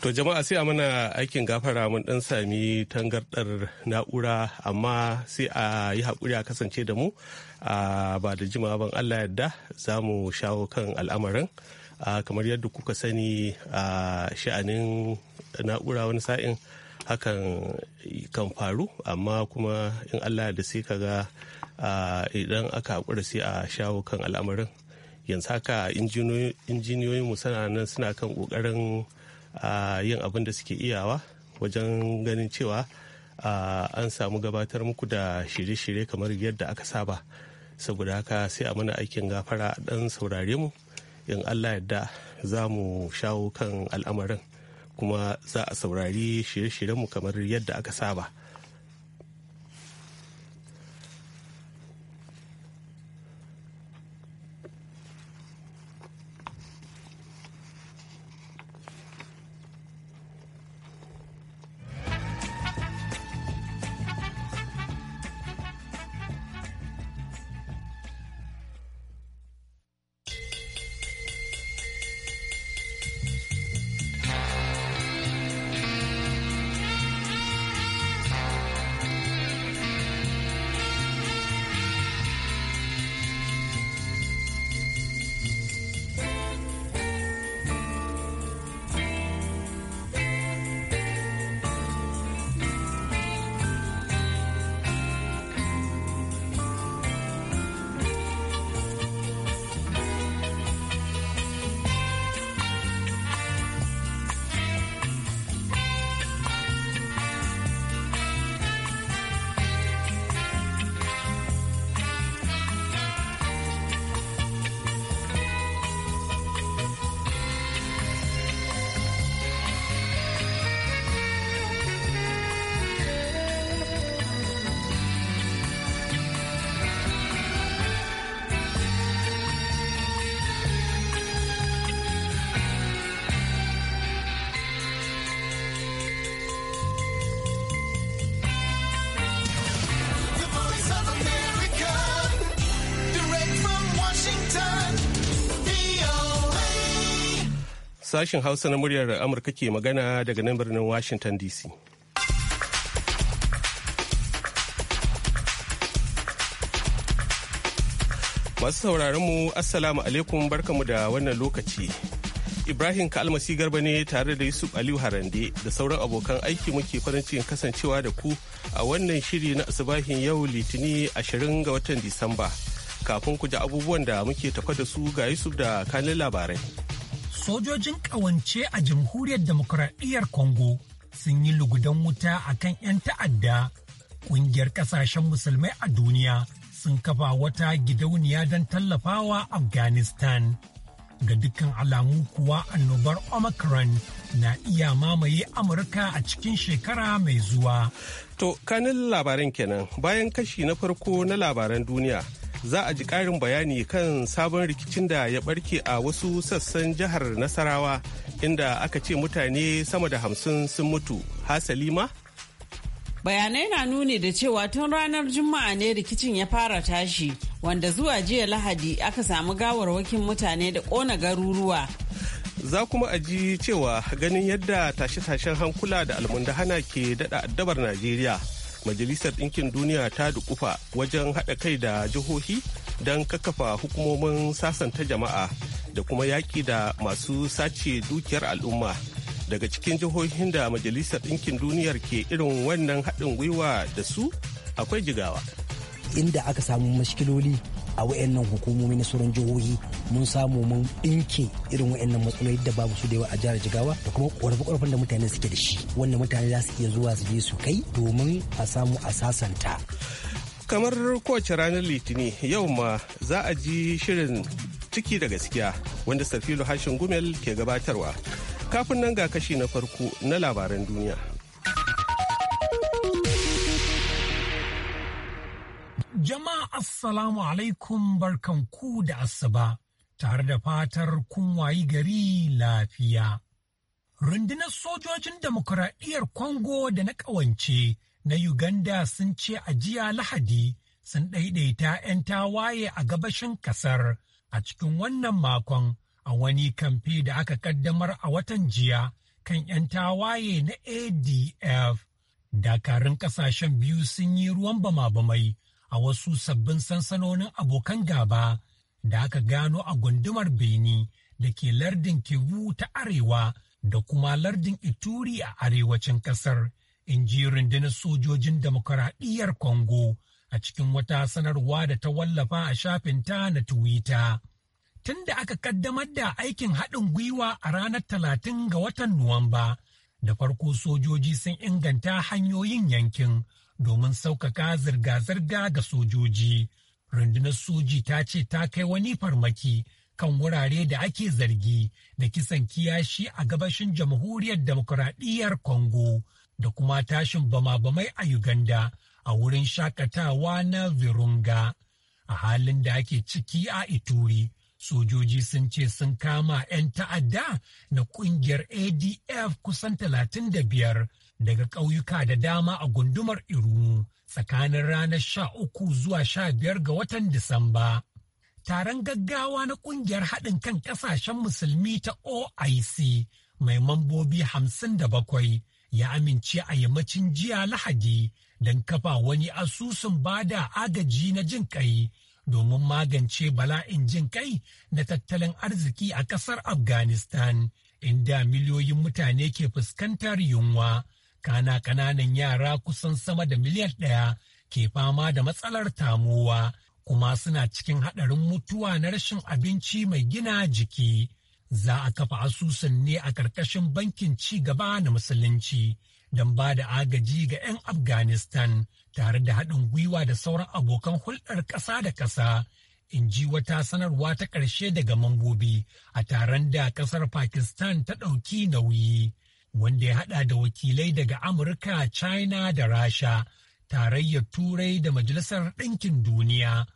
To jama'a sai a mana aikin gafara mun dan sami tangardar na'ura amma sai a yi haƙuri a kasance da mu a ba da jima ban Allah yadda za mu shawo kan al'amarin kamar yadda kuka sani a sha'anin na'ura wani sa'in hakan kan faru amma kuma in Allah da sai kaga idan aka haƙura sai a shawo kan al'amarin. yanzu haka mu suna nan suna kan ƙoƙarin yin abin da suke iyawa wajen ganin cewa an samu gabatar muku da shirye-shirye kamar yadda aka saba saboda haka sai a mana aikin gafara a ɗan saurare mu in allah yadda za mu shawo kan al'amarin kuma za a saurari shirye-shiryenmu kamar yadda aka saba Sashen Hausa na muryar Amurka ke magana daga nan birnin Washington DC. Masu sauraron mu Assalamu alaikum barkamu da wannan lokaci. Ibrahim Kalmasi Garba ne tare da Yusuf Aliyu Harande da sauran abokan aiki muke farin cikin kasancewa da ku a wannan shiri na asibahin yau Litini 20 ga watan Disamba. Kafin ku ji abubuwan da muke tafa da su ga Yusuf da kanin labarai. sojojin ƙawance a jamhuriyar demokuraɗiyyar Congo sun yi lugudan wuta a kan 'yan ta'adda. Ƙungiyar ƙasashen musulmai a duniya sun kafa wata gidauniya don tallafawa Afghanistan. Ga dukkan alamu kuwa annobar Omicron na iya mamaye Amurka a cikin shekara mai zuwa. To, kanin labaran kenan bayan kashi na farko na labaran duniya. za a ji ƙarin bayani kan sabon rikicin da ya barke a wasu sassan jihar Nasarawa inda aka ce mutane sama da hamsin sun mutu. Hasali ma? Bayanai na nuni da cewa tun ranar Juma'a ne rikicin ya fara tashi, wanda zuwa jiya Lahadi aka samu gawarwakin mutane da ƙona garuruwa. Za kuma a ji cewa ganin yadda tashe-tashen hankula da almundahana ke daɗa addabar Najeriya. majalisar ɗinkin duniya ta dukufa wajen haɗa kai da jihohi don kakkafa hukumomin sasanta jama'a da kuma yaƙi da masu sace dukiyar al'umma daga cikin jihohin da majalisar ɗinkin duniyar ke irin wannan haɗin gwiwa da su akwai jigawa inda aka samu mashkiloli a wayannan hukumomi na sauran jihohi mun samu mun ɗinke irin wayannan matsaloli da babu su da yawa a jihar jigawa da kuma ƙorafe-ƙorafen da mutane suke da shi wanda mutane za su iya zuwa su je su kai domin a samu a sasanta kamar kowace ranar litini yau ma za a ji shirin ciki da gaskiya wanda safilu hashin gumel ke gabatarwa kafin nan ga kashi na farko na labaran duniya Jama'a Assalamu alaikum barkanku da asuba tare da fatar kun wayi gari lafiya. Rundunar sojojin Dimokuraɗiyyar Kongo da na ƙawance na Uganda sun ce a jiya Lahadi sun ɗaiɗaita 'yan tawaye a gabashin ƙasar a cikin wannan makon a wani kamfe da aka ƙaddamar a watan jiya kan 'yan tawaye na ADF. Dakarun ƙasashen biyu sun yi ruwan bama-bamai. a wasu sabbin sansanonin abokan gaba da aka gano a gundumar Beni da ke lardin Kivu ta Arewa da kuma lardin Ituri a arewacin kasar, in ji rundunar sojojin demokaraɗiyyar Congo a cikin wata sanarwa da ta wallafa a shafinta na Twitter. Tunda aka kaddamar da aikin haɗin gwiwa a ranar talatin ga watan Nuwamba, da farko sojoji sun inganta hanyoyin yankin domin sauƙaƙa zirga-zirga ga sojoji. Rundunar soji ta ce ta kai wani farmaki kan wurare da ake zargi da kisan kiyashi a gabashin jamhuriyar demokuraɗiyyar Congo da kuma tashin bama-bamai a Uganda a wurin shakatawa na Virunga. A halin da ake ciki a Ituri, sojoji sun ce sun kama 'yan ta'adda na kungiyar ADF kusan 35 daga ƙauyuka da dama a gundumar Irumu tsakanin ranar sha uku zuwa sha biyar ga watan Disamba. Taron gaggawa na ƙungiyar haɗin kan ƙasashen musulmi ta OIC mai mambobi hamsin da bakwai ya amince a yammacin jiya Lahadi don kafa wani asusun bada agaji na jin ƙai domin magance bala'in jin ƙai na tattalin arziki a ƙasar Afghanistan, inda miliyoyin mutane ke fuskantar yunwa. kana kananan yara kusan sama da miliyan ɗaya ke fama da matsalar tamowa kuma suna cikin haɗarin mutuwa na rashin abinci mai gina jiki. Za a kafa asusun ne a ƙarƙashin bankin ci gaba na musulunci don ba da agaji ga 'yan Afghanistan tare da haɗin gwiwa da sauran abokan hulɗar ƙasa da ƙasa. In ji wata sanarwa ta ƙarshe daga mambobi a taron da ƙasar Pakistan ta ɗauki nauyi. wanda ya hada da wakilai daga Amurka, China da Rasha, tarayyar Turai da Majalisar Ɗinkin Duniya.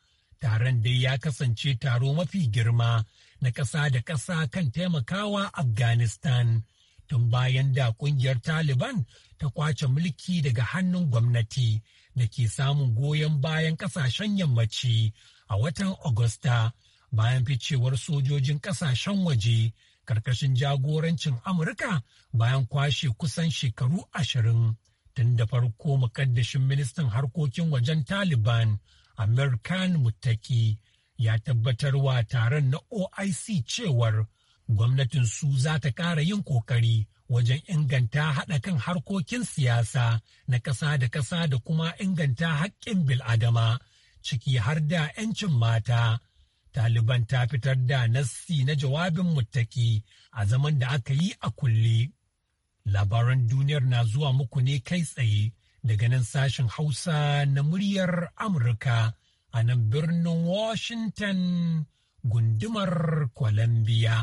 Taron dai ya kasance taro mafi girma na ƙasa da ƙasa kan taimakawa Afghanistan. Tun bayan da ƙungiyar Taliban ta kwace mulki daga hannun gwamnati da ke samun goyon bayan ƙasashen yammaci a watan Agusta bayan ficewar sojojin ƙasashen waje karkashin jagorancin Amurka bayan kwashe kusan shekaru ashirin tun da farko mukaddashin ministan harkokin wajen Taliban amirkan mutaki, ya tabbatarwa taron na OIC cewar gwamnatin su za ta ƙara yin ƙoƙari wajen inganta haɗa kan harkokin siyasa na ƙasa da ƙasa da kuma inganta haƙƙin bil'adama ciki har da 'yancin mata. Taliban ta fitar da nassi na jawabin muttaki a zaman da aka yi a kulle. Labaran duniyar na zuwa muku ne kai tsaye daga nan sashen Hausa na muryar Amurka a nan birnin Washington gundumar Columbia.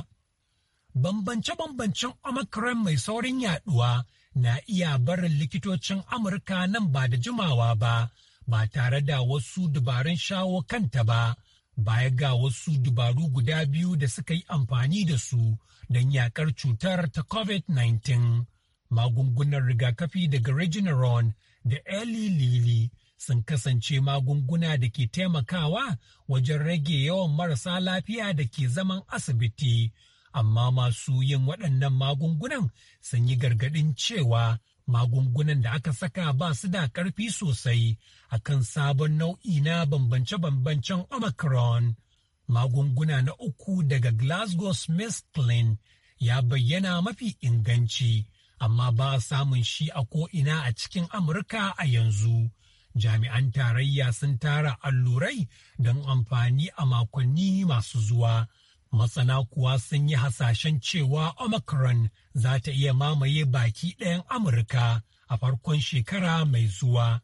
Bambance-bambancen Omicron mai saurin yaduwa na iya barin likitocin Amurka nan ba da jimawa ba, ba tare da wasu dabarun shawo kanta ba. baya ga wasu dubaru guda biyu da suka yi amfani da su don yakar cutar ta covid-19 magungunan rigakafi daga regeneron da eli lili sun kasance magunguna da ke taimakawa wajen rage yawan marasa lafiya da ke zaman asibiti amma masu yin waɗannan magungunan sun yi gargaɗin cewa magungunan da aka saka ba su da ƙarfi sosai a kan sabon nau'i na bambance-bambancen omicron magunguna na uku daga glasgow smith clean ya bayyana mafi inganci amma ba samun shi a ko'ina a cikin amurka a yanzu jami'an tarayya sun tara allurai don amfani a makonni masu zuwa Masana kuwa sun yi hasashen cewa Omicron za ta iya mamaye baki ɗayan Amurka a farkon shekara mai zuwa.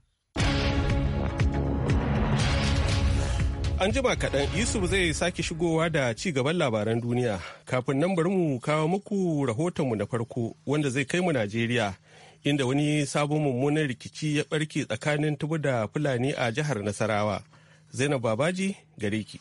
An jima kaɗan Yusuf zai sake shigowa da ci gaban labaran duniya. Kafin nan bari mu kawo muku rahotonmu na farko wanda zai kai mu Najeriya. Inda wani sabon mummunan rikici ya ɓarke tsakanin tubu da Fulani a jihar Nasarawa. Zainab Babaji gare ki.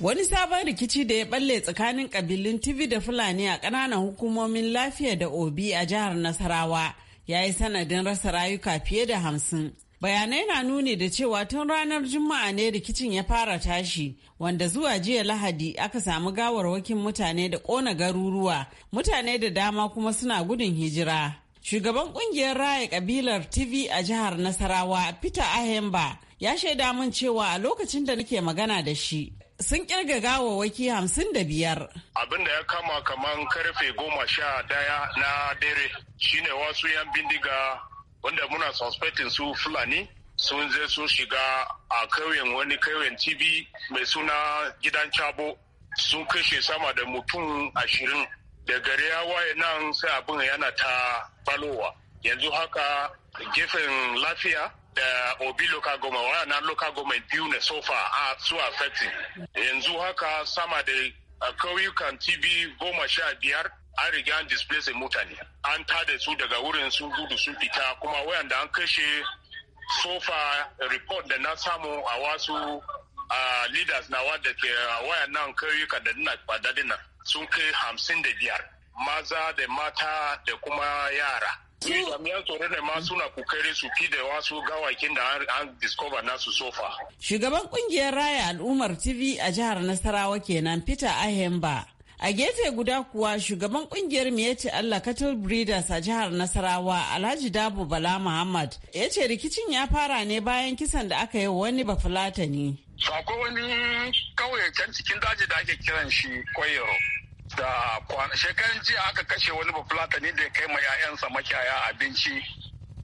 Wani sabon rikici da ya balle tsakanin kabilun TV da Fulani a ƙananan hukumomin lafiya da Obi a jihar Nasarawa ya yi sanadin rasa rayuka fiye da hamsin. Bayanai na nuni da cewa tun ranar Juma'a ne rikicin ya fara tashi, wanda zuwa jiya Lahadi aka samu gawarwakin mutane da ƙona garuruwa, mutane da dama kuma suna gudun hijira. Shugaban ƙungiyar raya kabilar TV a jihar Nasarawa, Peter Ahemba, ya shaida min cewa a lokacin da nake magana da shi sun kirga waki hamsin da biyar. Abin da ya kama kamar karfe goma sha daya na dare shine wasu yan bindiga wanda muna suspecting su Fulani sun je su shiga a kauyen wani kauyen TV mai suna gidan Cabo sun kashe sama da mutum ashirin. Da gari ya waye nan sai abin yana ta balowa. Yanzu haka gefen lafiya da obi local government na local government biyu ne so far a su affecting yanzu haka sama da kauyukan tv goma sha biyar an riga an displace mutane an tada su daga wurin sun gudu sun fita kuma da an kashe so sofa report da na samu a wasu leaders na wadda ke wayan nan kauyuka da nuna kwadadina sun kai hamsin da biyar maza da mata da kuma yara kokari da wasu gawakin da an nasu sofa. Shugaban kungiyar raya al'ummar TV a jihar Nasarawa kenan Peter Ahemba. A gefe guda kuwa shugaban kungiyar Miyetti Allah Cattle Breeders a jihar Nasarawa Alhaji Dabu Bala Muhammad ya ce rikicin ya fara ne bayan kisan da aka yi wani bafulatani. Akwai wani kauye can cikin daji da ake kiran shi koyo. da shekaran jiya aka kashe wani ne da ya kai ma 'ya'yansa makiyaya abinci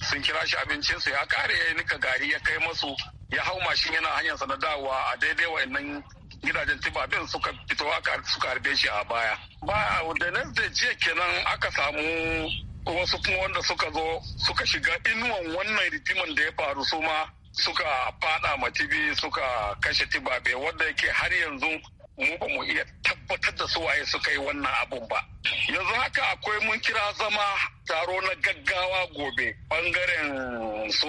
sun kira shi abincinsu ya kare ya nika gari ya kai masu ya hau mashin yana hanyarsa na dawowa a daidai wa'annan gidajen tibabin suka fito suka harbe shi a baya ba da nan da jiya kenan aka samu wasu kuma wanda suka zo suka shiga inuwan wannan ritiman da ya faru su ma suka fada ma tibi suka kashe tibabe wanda yake har yanzu mu ba mu iya tabbatar da su waye suka yi wannan abun ba yanzu haka akwai mun kira zama taro na gaggawa gobe bangaren su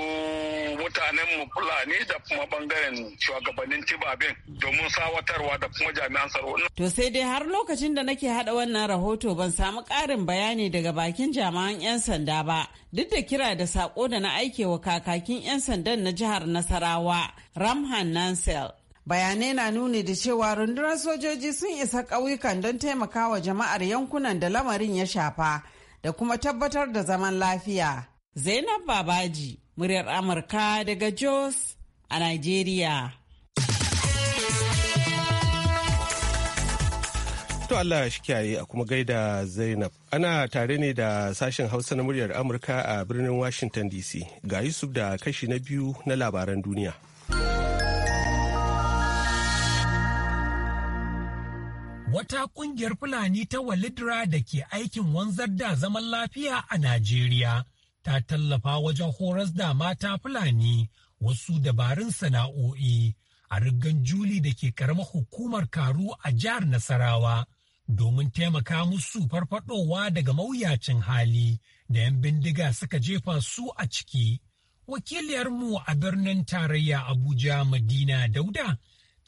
mutanen mu fulani da kuma bangaren shugabannin tibabin domin sawatarwa da kuma jami'an tsaro. To sai dai har lokacin da nake haɗa wannan rahoto ban samu ƙarin bayani daga bakin jami'an 'yan sanda ba duk da kira da sako da na aikewa kakakin 'yan sandan na jihar Nasarawa Ramhan Nansel. Bayanai na nuni da cewa rundunar sojoji sun isa ƙauyukan don taimakawa jama'ar yankunan da lamarin ya shafa da kuma tabbatar da zaman lafiya. Zainab Babaji, muryar Amurka daga Jos a Najeriya. to Allah shi kiyaye a kuma gaida Zainab. Ana tare ne da sashen Hausa na muryar Amurka a birnin Washington DC. Ga Yusuf da kashi na biyu na labaran duniya. wata kungiyar Fulani ta Walidra da ke aikin wanzar da zaman lafiya a Najeriya ta tallafa wajen horas da mata Fulani wasu dabarun sana'o'i a rigan Juli da ke karamar hukumar Karu a jihar Nasarawa domin taimaka musu farfadowa daga mawuyacin hali da 'yan bindiga suka jefa su a ciki. Wakiliyarmu a birnin tarayya Abuja Madina Dauda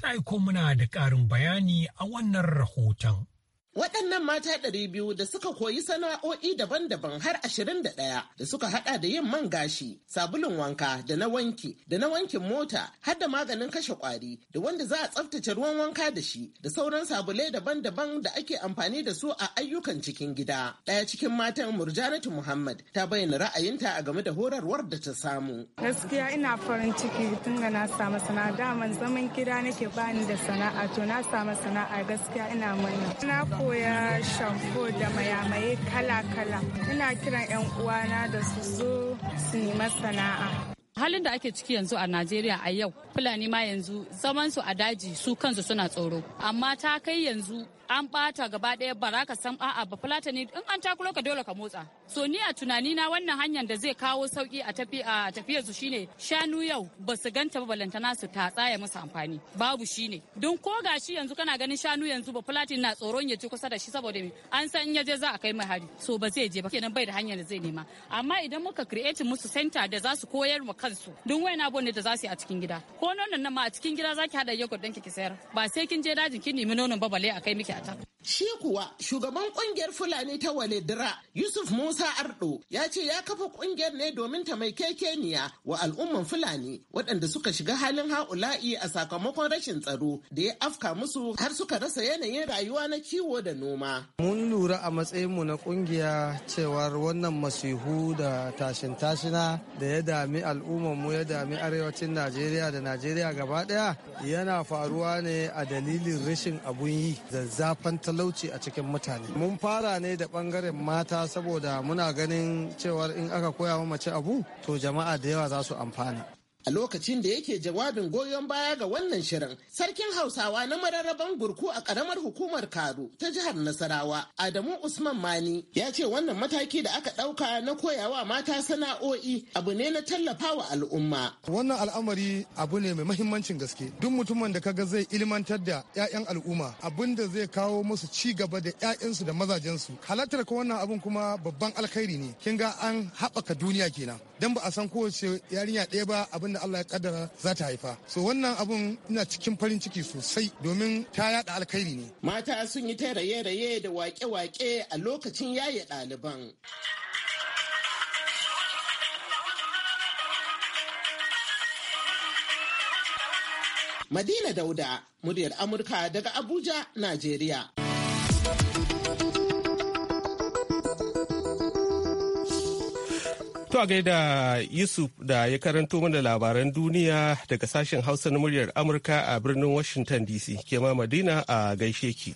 ta aiko muna da ƙarin bayani a wannan rahoton. Waɗannan mata ɗari biyu da suka koyi sana'o'i daban-daban har ashirin da ɗaya da suka haɗa da yin man gashi, sabulun wanka da na wanki, da na wankin mota, har da maganin kashe ƙwari, da wanda za a tsaftace ruwan wanka da shi, da sauran sabulai daban-daban da ake amfani da su a ayyukan cikin gida. Ɗaya cikin matan Murjanatu Muhammad ta bayyana ra'ayinta a game da horarwar da ta samu. Gaskiya ina farin ciki tun da na samu sana'a daman zaman gida nake bani da sana'a to na samu sana'a gaskiya ina murna. koya shampo da mayamaye kala-kala. Ina kiran 'yan uwana da su zo su yi sana'a. halin da ake ciki yanzu a najeriya a yau fulani ma yanzu zaman su a daji su kansu suna tsoro amma ta kai yanzu an bata gaba ɗaya baraka san a'a ba fulata in an takuro ka dole ka motsa so ni a tunani na wannan hanyar da zai kawo sauki a tafi a tafiyar su shine shanu yau ba su ganta ba balantana su tatsa ya musu amfani babu shine don ko gashi yanzu kana ganin shanu yanzu ba fulatin na tsoron ya ci kusa da shi saboda me an san in ya je za a kai mai hari so ba zai je ba kenan bai da hanyar da zai nema amma idan muka create musu center da za su koyar mu kansu duk wani abu da za su yi a cikin gida ko nonon nan ma a cikin gida zaki hada yogurt ɗinki ki sayar ba sai kin je dajin kin nemi nonon ba bale a kai miki a ta. Shi kuwa shugaban kungiyar Fulani ta Waledira Yusuf Musa Ardo ya ce ya kafa kungiyar ne domin ta mai kekeniya wa al'umman Fulani waɗanda suka shiga halin ha'ula'i a sakamakon rashin tsaro da ya afka musu har suka rasa yanayin rayuwa na kiwo da noma. Mun lura a matsayin mu na kungiya cewar wannan masihu da tashin tashina da ya dami al'umma al'ummar mu ya dami arewacin najeriya da najeriya gaba daya yana faruwa ne a dalilin rashin abun yi zazzafan talauci a cikin mutane mun fara ne da bangaren mata saboda muna ganin cewar in aka koya mace abu to jama'a da yawa za su amfana A lokacin da yake jawabin goyon baya ga wannan shirin, sarkin Hausawa na mararraban gurku a karamar hukumar Karu ta jihar Nasarawa, Adamu Usman Mani, ya ce wannan mataki da aka ɗauka na koyawa mata sana'o'i abu ne na tallafawa al'umma. Wannan al'amari abu ne mai mahimmancin gaske. Duk mutumin da kaga zai ilmantar da 'ya'yan al'umma abin da zai kawo musu ci gaba da 'ya'yansu da mazajensu. Halartar ka wannan abin kuma babban alkhairi ne. Kin ga an haɓaka duniya kenan. Dan ba a san kowace yarinya ɗaya ba abin da Allah ya kaddara za ta haifa so wannan abun ina cikin farin ciki sosai domin ta yada alkhairi ne mata sun yi ta raye-raye da wake-wake a lokacin yaye ɗaliban. Madina Dauda, muryar Amurka daga Abuja, Najeriya. To a gaida Yusuf da ya karanto mana labaran duniya daga sashen Hausa na muryar Amurka a birnin Washington DC ke ma Madina a gaishe ki.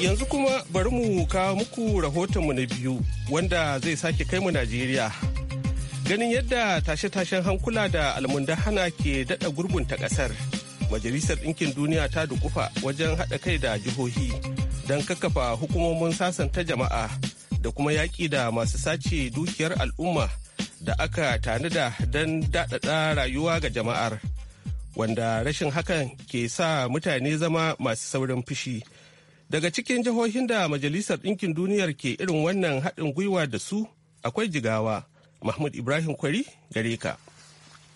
yanzu kuma bari mu kawo muku rahoton mu na biyu wanda zai sake kai mu Najeriya. Ganin yadda tashe-tashen hankula da almundahana ke daɗa gurbunta ƙasar. majalisar ɗinkin duniya ta dukufa wajen haɗa kai da jihohi don kakkafa hukumomin sasanta jama'a da kuma yaƙi da masu sace dukiyar al'umma da aka tanada don daɗaɗa rayuwa ga jama'ar wanda rashin hakan ke sa mutane zama masu saurin fushi daga cikin jihohin da majalisar ɗinkin duniyar ke irin wannan haɗin gwiwa da su akwai jigawa mahmud ibrahim kwari gare ka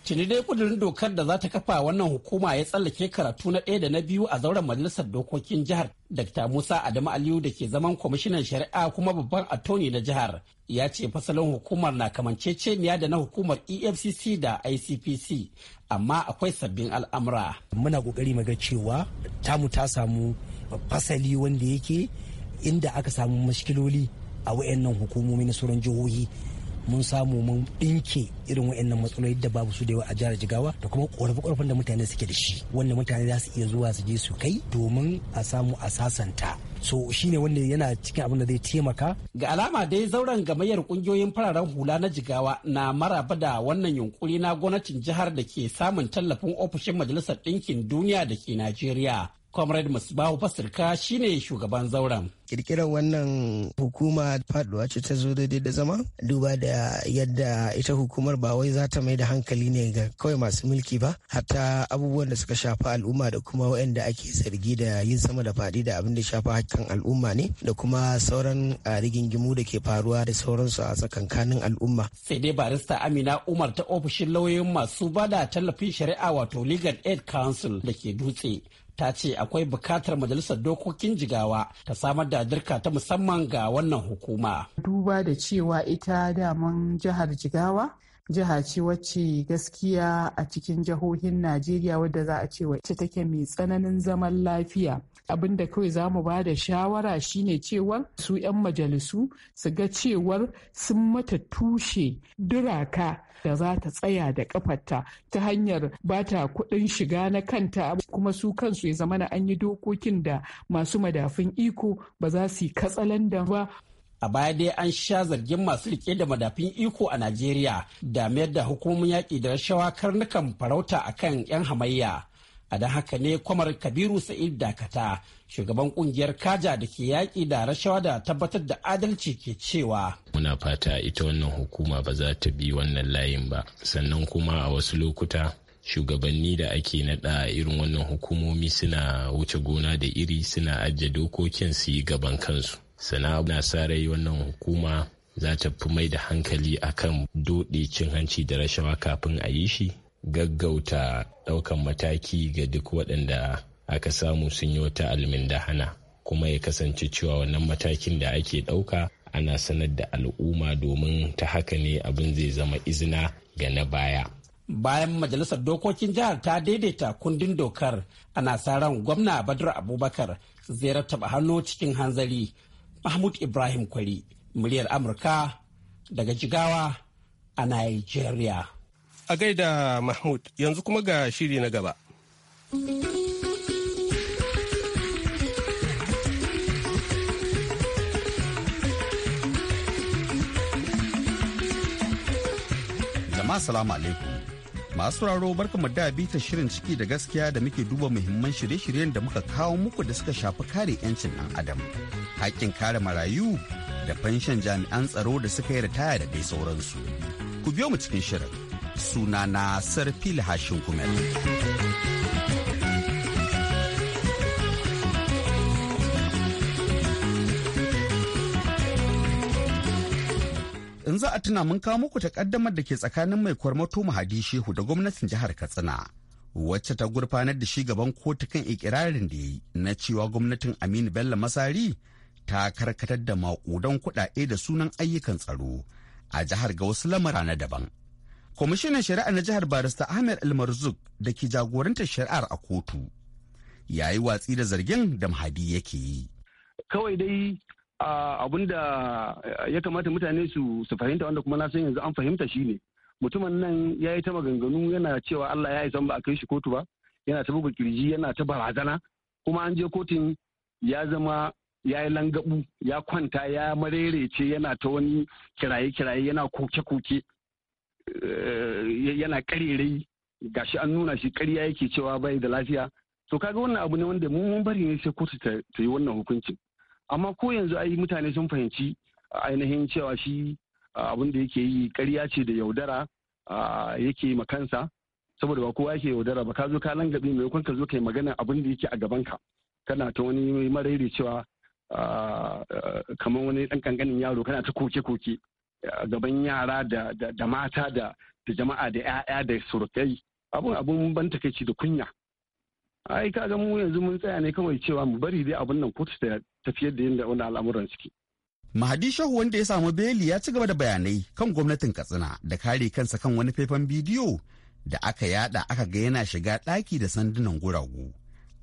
Tuni dai kudirin dokar da za ta kafa wannan hukuma ya tsallake karatu na ɗaya da na biyu a zauren majalisar dokokin jihar. Dr. Musa Adamu Aliyu da ke zaman kwamishinan shari'a kuma babban attorney na jihar ya ce fasalin hukumar na kamanceceniya da na hukumar EFCC da ICPC amma akwai sabbin al'amura. Muna kokari muga cewa tamu ta samu fasali wanda yake inda aka samu mashkiloli a wayannan hukumomi na sauran jihohi mun samu mun ɗinke irin wa'annan matsaloli da babu su da yawa a jihar jigawa da kuma ƙorafe-ƙorafen da mutane suke da shi wanda mutane za su iya zuwa su je su kai domin a samu a sasanta so shine wanda yana cikin abin da zai taimaka ga alama dai zauren gamayyar kungiyoyin fararen hula na jigawa na maraba da wannan yunkuri na gwamnatin jihar da ke samun tallafin ofishin majalisar ɗinkin duniya da ke najeriya Comrade Musbahu Fasirka shine shugaban zauren. kirkirar wannan hukuma faduwa ce ta zo daidai da zama duba da yadda ita hukumar ba wai za ta mai da hankali ne ga kawai masu mulki ba hatta abubuwan da suka shafa al'umma da kuma wayanda ake zargi da yin sama da faɗi da abin da shafa hakkan al'umma ne da kuma sauran rigingimu da ke faruwa da sauransu a tsakankanin al'umma. sai dai barista amina umar ta ofishin lauyoyin masu bada tallafin shari'a wato legal aid council da ke dutse ta ce akwai bukatar majalisar dokokin jigawa ta samar da dirka ta musamman ga wannan hukuma. Duba da cewa ita daman jihar jigawa jiha ce wacce gaskiya a cikin jihohin najeriya wadda za a ce wacce take mai tsananin zaman lafiya abin da kawai za mu ba da shawara shine cewar su 'yan majalisu su ga cewar sun mata tushe duraka da za ta tsaya da kafarta ta hanyar ba ta kuɗin shiga na kanta kuma su kansu ya zamana an yi dokokin da masu madafin iko ba za su yi katsalandan ba a baya dai an sha zargin masu rike da madafin iko a najeriya da mayar da hukumomin yaƙi da rashawa karnukan farauta a kan 'yan hamayya a don haka ne kwamar kabiru sa'id dakata shugaban kungiyar kaja da ke yaƙi da rashawa da tabbatar da adalci ke cewa muna fata ita wannan hukuma ba za ta bi wannan layin ba sannan kuma a wasu lokuta shugabanni da ake naɗa irin wannan hukumomi suna wuce gona da iri suna ajiye dokokin su yi gaban kansu sana na sa rai wannan hukuma za ta fi mai da hankali a kan doɗe cin hanci da rashawa kafin a yi shi gaggauta ɗaukan mataki ga duk waɗanda aka samu sun yi wata hana kuma ya kasance cewa wannan matakin da ake ɗauka ana sanar da al'umma domin ta haka ne abin zai zama izina ga na baya bayan majalisar dokokin jihar ta daidaita kundin dokar ana sa ran gwamna badar abubakar zai rattaba hannu cikin hanzari Mahmud Ibrahim Kwari, muryar Amurka daga Jigawa a Nigeria. A gaida Mahmud, yanzu kuma ga shiri na gaba. Jama'a salamu alaikum. Masu raro barkamu da bita shirin ciki da gaskiya da muke duba muhimman shirye-shiryen da muka kawo muku da suka shafi kare 'yancin ɗan adam, haƙƙin kare marayu da fanshan jami'an tsaro da suka yi ritaya da dai sauransu. Ku biyo mu cikin shirin. Sunana Sarfil Hashin Kumel. idan za a tuna mun kawo muku takaddamar da ke tsakanin mai kwarmato mahadi shehu da gwamnatin jihar katsina wacce ta gurfanar da shi gaban kotu kan ikirarin da yi na cewa gwamnatin aminu bello masari ta karkatar da maƙudan kuɗaɗe da sunan ayyukan tsaro a jihar ga wasu lamura na daban kwamishinan shari'a na jihar barista ahmed almarzuk da ke jagorantar shari'ar a kotu yayi watsi da zargin da mahadi yake yi kawai dai Ah, abin da eh, ya kamata mutane su fahimta wanda kuma na san yanzu an fahimta shi ne. mutumin nan ya yi ta maganganu yana cewa Allah ya san ba a kai shi kotu ba yana ta buga kirji yana ta barazana kuma an je kotun ya zama ya yi langabu ya kwanta ya marerece yana ta wani kiraye-kiraye yana koke-koke eh, yana karerai gashi an nuna shi karya yake cewa bai da lafiya to kaga wannan abu ne wanda mun bari ne sai kotu ta yi wannan hukuncin amma ko yanzu ai mutane sun fahimci ainihin cewa shi abin da yake yi ƙarya ce da yaudara yake ma kansa saboda ba kowa yake yaudara ba ka zo ka nan langabe maimakon ka zo kai magana abin da yake a gaban ka kana ta wani marairi cewa kamar wani ɗan ƙanƙanin yaro kana ta koke-koke a gaban yara da mata da jama'a da 'ya'ya da surukai abun abun ban takaici da kunya ai kaga mu yanzu mun tsaya ne kawai cewa mu bari dai abun nan kotu tafiyar da yadda wani al'amuran suke. Mahadi Shehu wanda ya samu beli ya ci gaba da bayanai kan gwamnatin Katsina da kare kansa kan wani faifan bidiyo da aka yada aka ga yana shiga ɗaki da sandunan guragu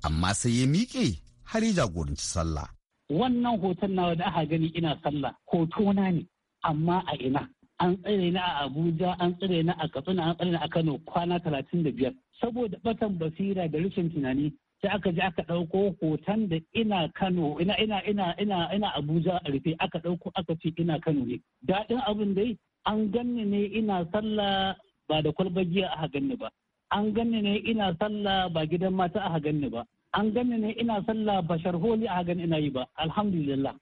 amma sai ya miƙe har ya jagoranci sallah. Wannan hoton nawa da aka gani ina sallah hoto na ne amma a ina an tsare ni a Abuja an tsare ni a Katsina an tsare ni a Kano kwana talatin da biyar saboda batan basira da rashin tunani sai aka je aka ɗauko hoton da ina Kano ina ina ina ina ina Abuja a rufe aka ɗauko aka ce ina Kano ne daɗin abin dai an ganni ne ina sallah ba da kwalbar giya a haganni ba an ganni ne ina sallah ba gidan mata a haganni ba an ganni ne ina sallah ba sharholi a hagan ina yi ba alhamdulillah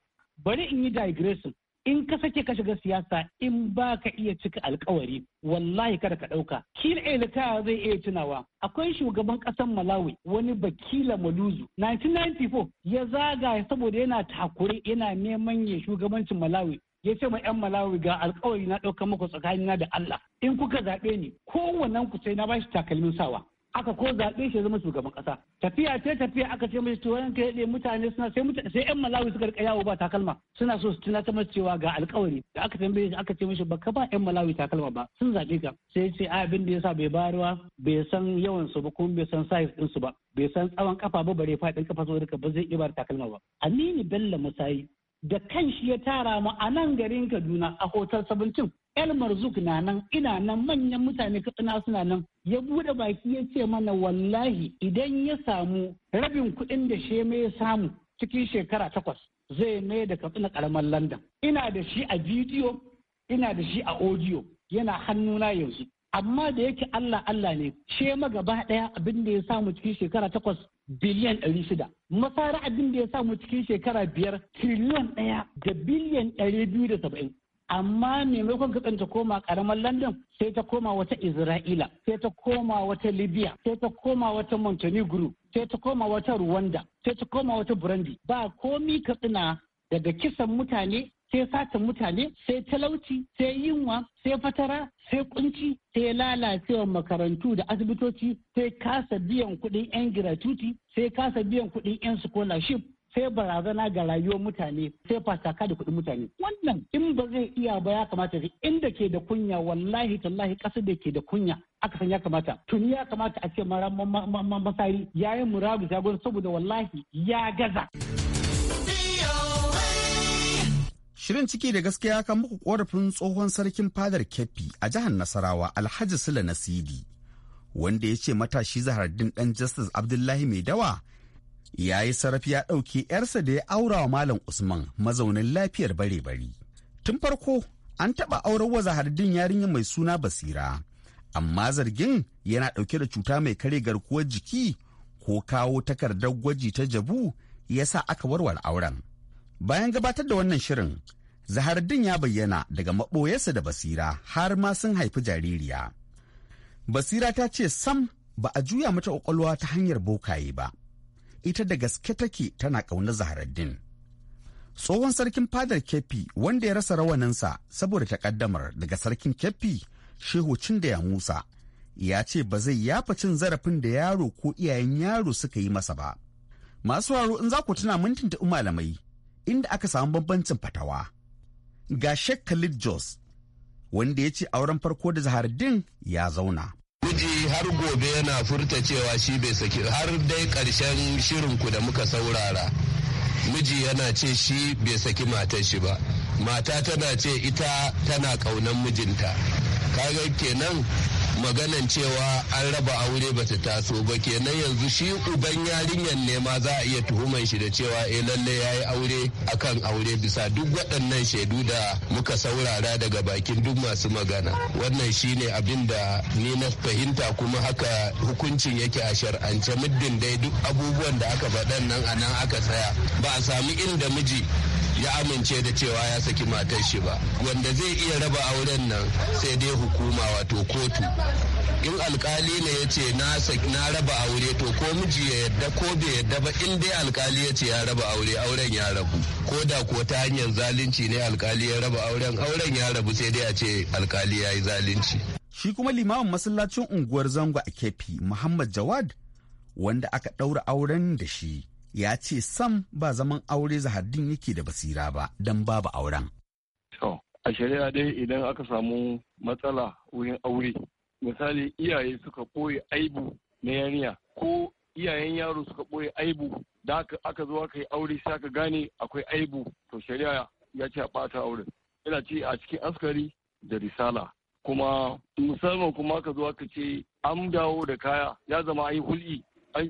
bari in yi digression in ka sake ka shiga siyasa in ba ka iya cika alkawari wallahi kada ka ɗauka kila elita zai iya tunawa akwai shugaban ƙasan malawi wani bakila maluzu 1994 ya zaga saboda yana takure yana neman ya shugabancin malawi ya ce ma 'yan malawi ga alkawari na dauka muku tsakanina da allah in kuka zaɓe ni kowannen ku sai na bashi takalmin sawa aka ko zaɓe shi zama shugaban ƙasa tafiya ce tafiya aka ce mai tuwon ka ne mutane suna sai mutane sai yan malawi suka rika yawo ba takalma suna so su tuna ta masa cewa ga alƙawari da aka tambaye shi aka ce mishi baka ba yan malawi takalma ba sun zaɓe ka sai ce a abin da yasa bai bayarwa bai san yawan su ba kuma bai san size din su ba bai san tsawon kafa ba bare faɗin kafa so duka ba zai iya takalma ba aminu bello musayi da kan shi ya tara mu a nan garin kaduna a hotel 17 el marzuk na nan ina nan manyan mutane katsina suna nan ya bude baki ya ce mana wallahi idan ya samu rabin kuɗin da shi ya samu cikin shekara takwas zai mai da katsina karamar landan ina da shi a bidiyo ina da shi a audio yana hannuna yanzu amma da yake Allah Allah ne shema gaba ɗaya abin da ya samu cikin shekara takwas biliyan ɗari shida masara abin da ya samu cikin shekara biyar tiriliyan ɗaya da biliyan ɗari biyu da saba'in amma maimakon katsanta tsanta koma karamar london sai ta koma wata isra'ila sai ta koma wata libya sai ta koma wata montenegro sai ta koma wata rwanda sai ta koma wata burundi ba komi ka tsina daga kisan mutane sai satan mutane sai talauci sai yunwa sai fatara sai kunci sai lalacewar makarantu da asibitoci sai kasa biyan kudin 'yan giratuti sai kasa biyan kudin 'yan scholarship sai barazana ga rayuwar mutane sai fasaka da kuɗin mutane wannan in ba zai iya ba ya kamata inda ke da kunya wallahi tallahi ƙasar da ke da kunya aka san ya kamata tuni ya kamata a ce masari ya yi murabus saboda wallahi ya gaza. Shirin ciki da gaskiya kan muku korafin tsohon sarkin fadar Keffi a jihar Nasarawa Alhaji Sula Nasidi wanda ya ce matashi Zahardin dan Justice Abdullahi Mai Dawa Ya yi sarrafi ya ɗauki yarsa da ya aura wa malam usman mazaunin lafiyar bare-bari tun farko an taɓa auren wa yarinya mai suna basira amma zargin yana ɗauke da cuta mai kare garkuwar jiki ko kawo takardar gwaji ta jabu ya sa aka warware auren bayan gabatar da wannan shirin zahardin ya bayyana daga maɓoyarsa da basira har ma sun haifi jaririya basira ta ce sam ba a juya mata ƙwaƙwalwa ta hanyar bokaye ba ita da gaske take tana ƙaunar zaharaddin tsohon sarkin fadar kefi wanda ya rasa rawaninsa saboda takaddamar daga sarkin kefi shehu da ya musa ya ce ba zai yafa cin zarafin da yaro ko iyayen yaro suka yi masa ba masu waro in za ku tuna mintin ta malamai inda aka samu bambancin fatawa ga Sheikh Khalid Jos wanda ya ce auren farko da Zahardin ya zauna miji har gobe yana furta cewa shi bai saki har dai ƙarshen shirinku da muka saurara miji yana ce shi bai saki matar shi ba mata tana ce ita tana ƙaunan mijinta kaga kenan maganan cewa an raba aure bata taso ba kenan yanzu shi uban yarinyar ne ma za a iya tuhuman shi da cewa eh lalle yayi aure akan aure bisa duk waɗannan shaidu da muka saurara daga bakin duk masu magana wannan shine abin da ni na fahimta kuma haka hukuncin yake a shar'ance muddin dai duk abubuwan da aka faɗan nan a nan aka tsaya ba a sami inda miji ya amince da cewa ya saki matar shi ba wanda zai iya raba auren nan sai dai hukuma wato kotu in alkali ne ya ce na raba aure to ko miji ya yadda ko bai yadda ba in dai alkali ya ce ya raba aure auren ya rabu ko da ko ta hanyar zalunci ne alkali ya raba auren auren ya rabu sai dai a ce alkali ya yi zalunci shi kuma limamin masallacin unguwar zango a kefi muhammad jawad wanda aka ɗaura auren da shi ya ce sam ba zaman aure zahardin yake da basira ba don babu auren. a shari'a dai idan aka samu matsala wurin aure misali iyaye suka ɓoye aibu na yarinya ko iyayen yaro suka ɓoye aibu da aka zo aka yi aure sai aka gane akwai aibu to shari'a ya ce a ɓata auren yana ce a cikin askari da risala kuma musamman kuma aka zo aka ce an dawo da kaya ya zama an yi hul'i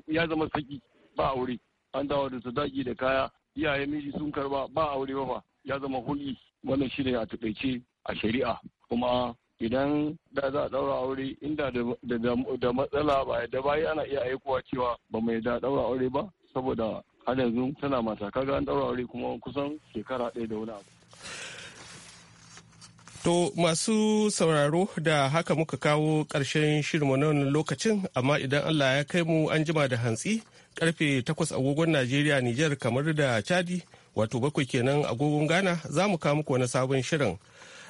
ya zama saki ba aure an dawo da sadaki da kaya iyaye miji sun karba ba aure ba ya zama hulɗi wannan shine a taƙaice a shari'a kuma idan da za a ɗaura aure inda da matsala ba da bayi ana iya aikowa cewa ba mai da ɗaura aure ba saboda har yanzu tana mata kaga an ɗaura aure kuma kusan shekara ɗaya da wani abu. To masu sauraro da haka muka kawo ƙarshen shirin wannan lokacin amma idan Allah ya kai mu an jima da hantsi karfe 8 agogon Najeriya Nijar kamar da Chadi wato bakwai kenan agogon Ghana za mu kawo muku wani sabon shirin.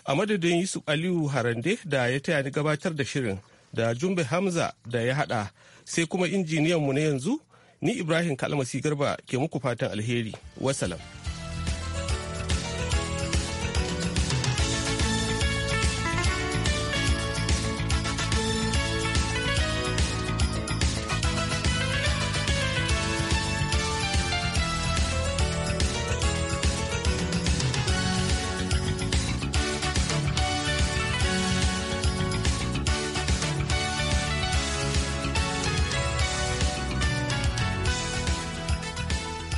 A madadin Yusuf Aliyu Harande da ya taya ni gabatar da shirin da Jumbe Hamza da ya hada sai kuma injiniyan mu na yanzu ni Ibrahim Kalmasi Garba ke muku fatan alheri. Wasalam.